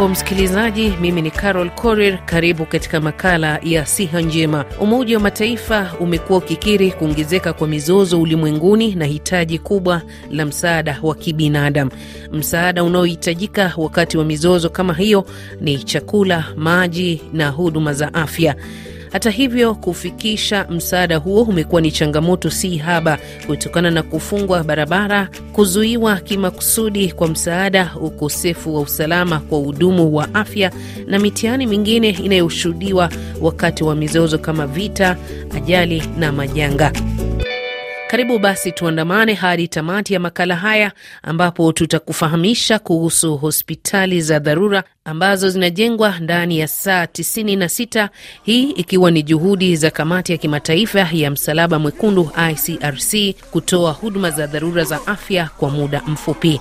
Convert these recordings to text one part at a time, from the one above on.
wa msikilizaji, mimi ni Carol corer Karibu katika makala ya siha njema. Umoja wa Mataifa umekuwa ukikiri kuongezeka kwa mizozo ulimwenguni na hitaji kubwa la msaada wa kibinadamu. Msaada unaohitajika wakati wa mizozo kama hiyo ni chakula, maji na huduma za afya. Hata hivyo, kufikisha msaada huo umekuwa ni changamoto si haba, kutokana na kufungwa barabara, kuzuiwa kimakusudi kwa msaada, ukosefu wa usalama kwa uhudumu wa afya na mitihani mingine inayoshuhudiwa wakati wa mizozo kama vita, ajali na majanga. Karibu basi tuandamane hadi tamati ya makala haya ambapo tutakufahamisha kuhusu hospitali za dharura ambazo zinajengwa ndani ya saa 96, hii ikiwa ni juhudi za kamati ya kimataifa ya msalaba mwekundu ICRC kutoa huduma za dharura za afya kwa muda mfupi.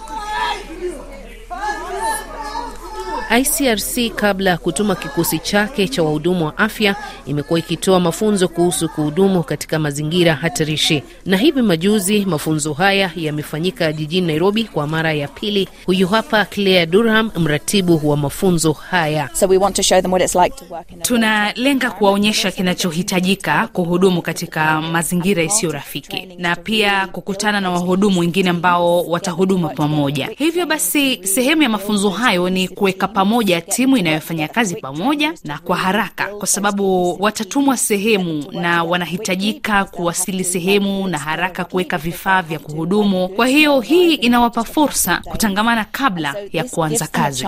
ICRC kabla ya kutuma kikosi chake cha wahudumu wa afya imekuwa ikitoa mafunzo kuhusu kuhudumu katika mazingira hatarishi, na hivi majuzi mafunzo haya yamefanyika jijini Nairobi kwa mara ya pili. Huyu hapa Claire Durham, mratibu wa mafunzo haya. So like tunalenga kuwaonyesha kinachohitajika kuhudumu katika mazingira isiyo rafiki na pia kukutana na wahudumu wengine ambao watahuduma pamoja. Hivyo basi, sehemu ya mafunzo hayo ni kuweka pamoja, timu inayofanya kazi pamoja na kwa haraka, kwa sababu watatumwa sehemu na wanahitajika kuwasili sehemu na haraka kuweka vifaa vya kuhudumu. Kwa hiyo hii inawapa fursa kutangamana kabla ya kuanza kazi.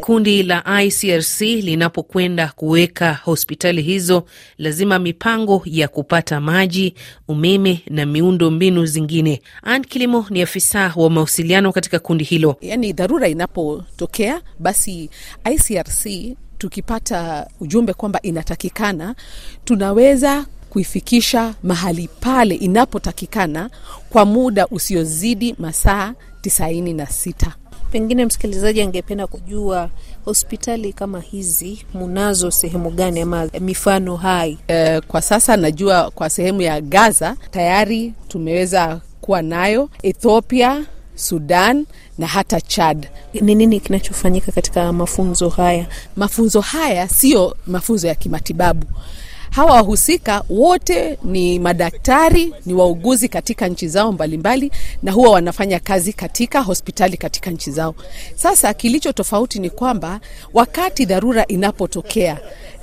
Kundi la ICRC linapokwenda kuweka hospitali hizo, lazima mipango ya kupata maji, umeme na miundo mbinu zingine. Ann Kilimo ni afisa wa mawasiliano katika kundi hilo hilo. Yani dharura inapotokea, basi ICRC tukipata ujumbe kwamba inatakikana, tunaweza kuifikisha mahali pale inapotakikana kwa muda usiozidi masaa tisaini na sita. Pengine msikilizaji angependa kujua hospitali kama hizi munazo sehemu gani ama mifano hai? E, kwa sasa najua kwa sehemu ya Gaza tayari tumeweza kuwa nayo Ethiopia Sudan na hata Chad. Ni nini kinachofanyika katika mafunzo haya? Mafunzo haya siyo mafunzo ya kimatibabu. Hawa wahusika wote ni madaktari, ni wauguzi katika nchi zao mbalimbali mbali, na huwa wanafanya kazi katika hospitali katika nchi zao. Sasa kilicho tofauti ni kwamba wakati dharura inapotokea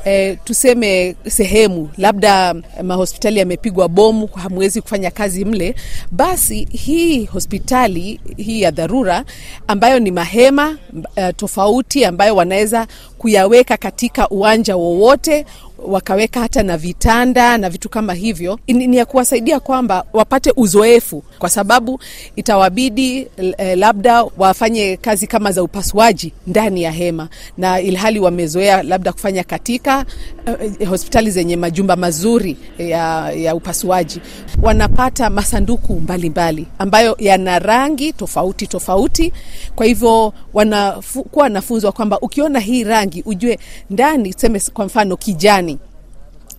eh, tuseme sehemu labda eh, mahospitali yamepigwa bomu, hamwezi kufanya kazi mle, basi hii hospitali hii ya dharura ambayo ni mahema eh, tofauti ambayo wanaweza kuyaweka katika uwanja wowote, wakaweka hata na vitanda na vitu kama hivyo. Ni ya kuwasaidia kwamba wapate uzoefu, kwa sababu itawabidi eh, labda wafanye kazi kama za upasuaji ndani ya hema, na ilhali wamezoea labda kufanya katika e, hospitali zenye majumba mazuri eh, ya, ya upasuaji. Wanapata masanduku mbalimbali mbali, ambayo yana rangi tofauti tofauti, kwa hivyo wanakuwa wanafunzwa kwamba ukiona hii rangi rangi ujue ndani, tuseme kwa mfano kijani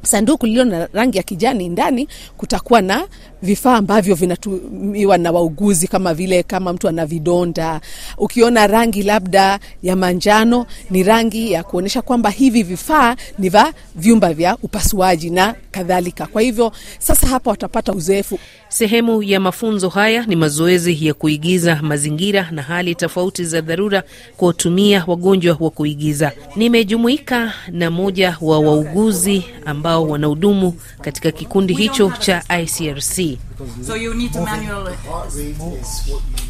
sanduku lililo na rangi ya kijani ndani kutakuwa na vifaa ambavyo vinatumiwa na wauguzi, kama vile kama mtu ana vidonda, ukiona rangi labda ya manjano ni rangi ya kuonyesha kwamba hivi vifaa ni va vyumba vya upasuaji na kadhalika. Kwa hivyo sasa hapa watapata uzoefu. Sehemu ya mafunzo haya ni mazoezi ya kuigiza mazingira na hali tofauti za dharura kuwatumia wagonjwa wa kuigiza. Nimejumuika na mmoja wa wauguzi ambao wanahudumu katika kikundi hicho cha ICRC.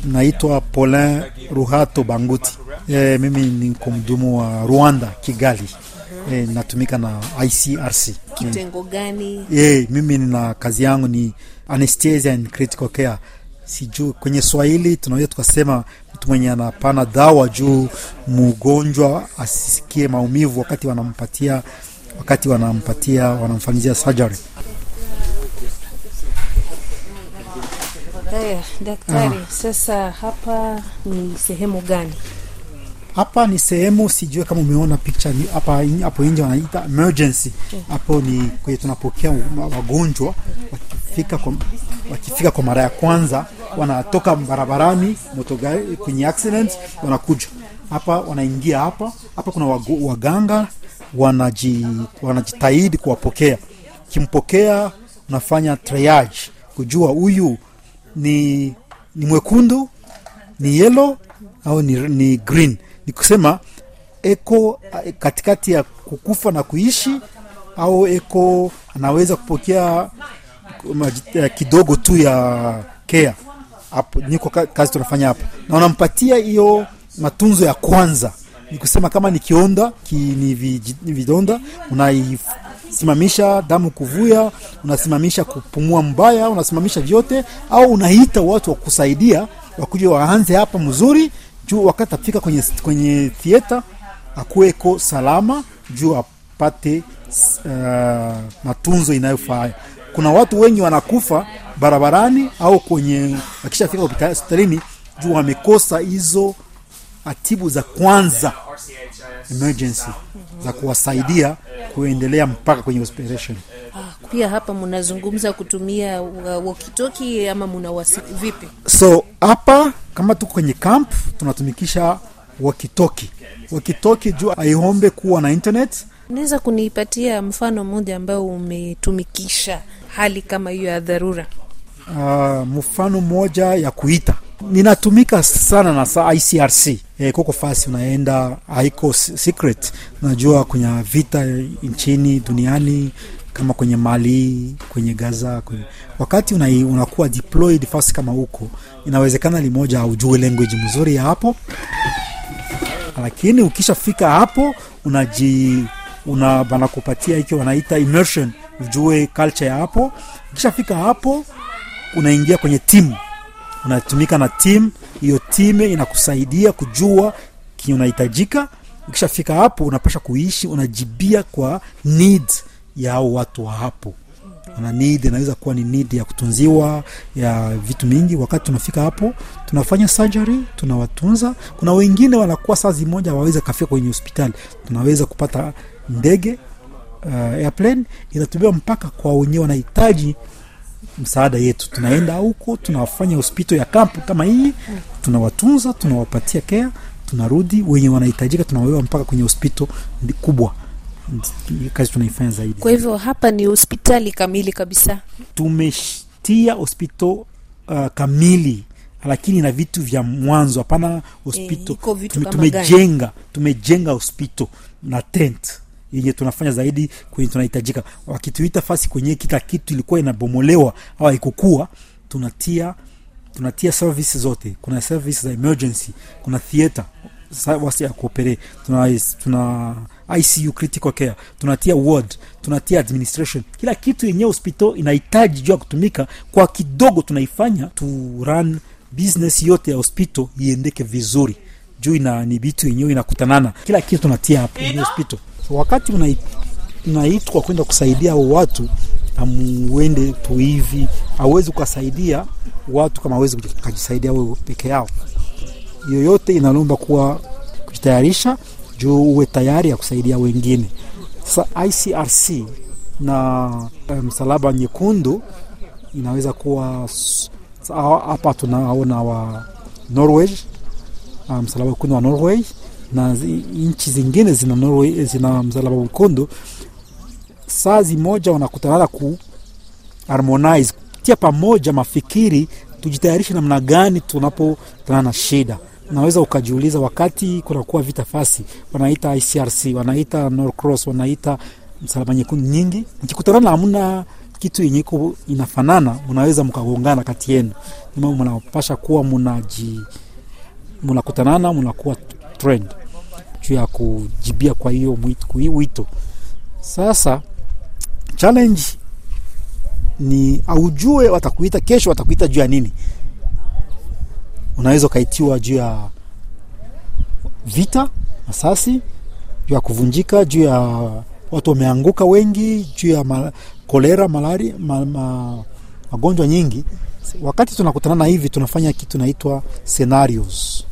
Naitwa Paulin Ruhato Banguti. E, mimi ni kumdumu wa Rwanda Kigali. E, natumika na ICRC. Kitengo gani? E, mimi nina kazi yangu ni anesthesia and critical care. Sijuu kwenye Swahili tunaweza tukasema mtu mwenye anapana dawa juu mgonjwa asisikie maumivu wakati wanampatia wakati wanampatia wanamfanyizia surgery. Haya, eh, daktari. Aha. Sasa hapa ni sehemu gani? Hapa ni sehemu, sijue kama umeona picture hapa hapo nje wanaita emergency. Eh. Hapo ni kwenye tunapokea wagonjwa wakifika kwa, wakifika kwa mara ya kwanza, wanatoka barabarani moto gari kwenye accident, wanakuja hapa, wanaingia hapa. Hapa kuna waganga wanaji, wanajitahidi kuwapokea. Ukimpokea unafanya triage kujua huyu ni, ni mwekundu ni yelo au ni, ni green ni kusema eko katikati ya kukufa na kuishi au eko anaweza kupokea eh, kidogo tu ya kea hapo niko kazi tunafanya hapo na unampatia hiyo matunzo ya kwanza ni kusema kama ni kionda ki, ni vidonda unai, unasimamisha damu kuvuya, unasimamisha kupumua mbaya, unasimamisha vyote, au unaita watu wa kusaidia wakuja waanze hapa mzuri, juu wakati atafika kwenye, kwenye thieta akuweko salama, juu apate uh, matunzo inayofaa. Kuna watu wengi wanakufa barabarani au kwenye wakishafika hospitalini juu wamekosa hizo atibu za kwanza emergency za kuwasaidia kuendelea mpaka kwenye operation. Ah, pia hapa mnazungumza kutumia uh, wokitoki ama munawasi vipi? So hapa kama tuko kwenye camp tunatumikisha wokitoki wokitoki juu aiombe kuwa na internet. naweza kunipatia mfano mmoja ambao umetumikisha hali kama hiyo ya dharura? Uh, mfano mmoja ya kuita ninatumika sana na sa ICRC E, kuko fasi unaenda haiko secret. Unajua kwenye vita nchini duniani kama kwenye Mali, kwenye Gaza, kwenye... wakati una, unakuwa deployed fasi kama huko, inawezekana limoja haujue language mzuri ya hapo, lakini ukishafika hapo unaji una banakupatia hiki wanaita immersion, ujue culture ya hapo. Ukishafika hapo unaingia kwenye timu unatumika na timu hiyo. Timu inakusaidia kujua kinahitajika. Ukishafika hapo, unapasha kuishi, unajibia kwa need ya au watu wa hapo na need inaweza kuwa ni need ya kutunziwa ya vitu mingi. Wakati tunafika hapo, tunafanya surgery, tunawatunza. Kuna wengine wanakuwa sazi moja hawawezi kafika kwenye hospitali, tunaweza kupata ndege uh, airplane inatubiwa mpaka kwa wenyewe wanahitaji msaada yetu, tunaenda huko tunawafanya hospito ya kampu kama hii, tunawatunza tunawapatia kea tunarudi wenye wanahitajika, tunawawewa mpaka kwenye hospito kubwa kazi tunaifanya zaidi. Kwa hivyo hapa ni hospitali kamili kabisa, tumeshtia hospito uh, kamili, lakini na vitu vya mwanzo hapana hospitali eh, e, tumejenga tumejenga hospitali na tent yenye tunafanya zaidi kwenye tunahitajika. Wakituita fasi kwenye kila kitu ilikuwa inabomolewa au ikukua tunatia tunatia service zote. Kuna service za emergency, kuna theater wasi ya kuopere, tuna, tuna ICU critical care, tunatia ward, tunatia administration, kila kitu yenyewe hospital inahitaji juu ya kutumika kwa kidogo, tunaifanya tu run business yote ya hospital iendeke vizuri juu ina ni vitu yenyewe inakutanana, kila kitu tunatia hapo hospital wakati unaitwa kwenda kusaidia hao watu, amuende tu hivi, hawezi ukasaidia watu kama hawezi kujisaidia wewe peke yao. Yoyote inalomba kuwa kujitayarisha juu uwe tayari ya kusaidia wengine. Sasa ICRC na eh, Msalaba um, Nyekundu inaweza kuwa hapa tunaona wa Norway, ah, msalaba um, nyekundu wa Norway na nchi zingine zina Norway, zina msalaba mwekundu, saa zimoja wanakutanana ku harmonize tia pamoja mafikiri, tujitayarishe namna gani tunapokutana na shida. Naweza ukajiuliza wakati kunakuwa vita fasi, wanaita ICRC, wanaita North Cross, wanaita msalaba nyekundu nyingi, mkikutanana hamna kitu yenye inafanana, mnaweza mkagongana kati yenu, mnapasha kuwa mnaji mnakutanana mnakuwa trend juu ya kujibia kwa hiyo wito. Sasa challenge ni aujue watakuita kesho, watakuita juu ya nini. Unaweza ukaitiwa juu ya vita, masasi, juu ya kuvunjika, juu ya watu wameanguka wengi, juu ya ma, kolera, malari, ma, ma, magonjwa nyingi. Wakati tunakutana na hivi, tunafanya kitu naitwa scenarios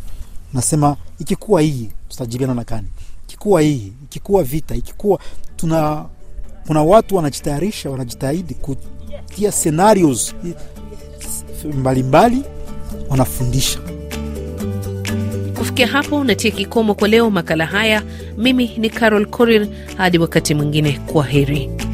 Nasema ikikuwa hii tutajibiana na kani, ikikuwa hii, ikikuwa vita, ikikuwa tuna kuna watu wanajitayarisha, wanajitahidi kutia scenarios eh, mbalimbali, wanafundisha. Kufikia hapo natia kikomo kwa leo makala haya. Mimi ni Carol Korir, hadi wakati mwingine, kwa heri.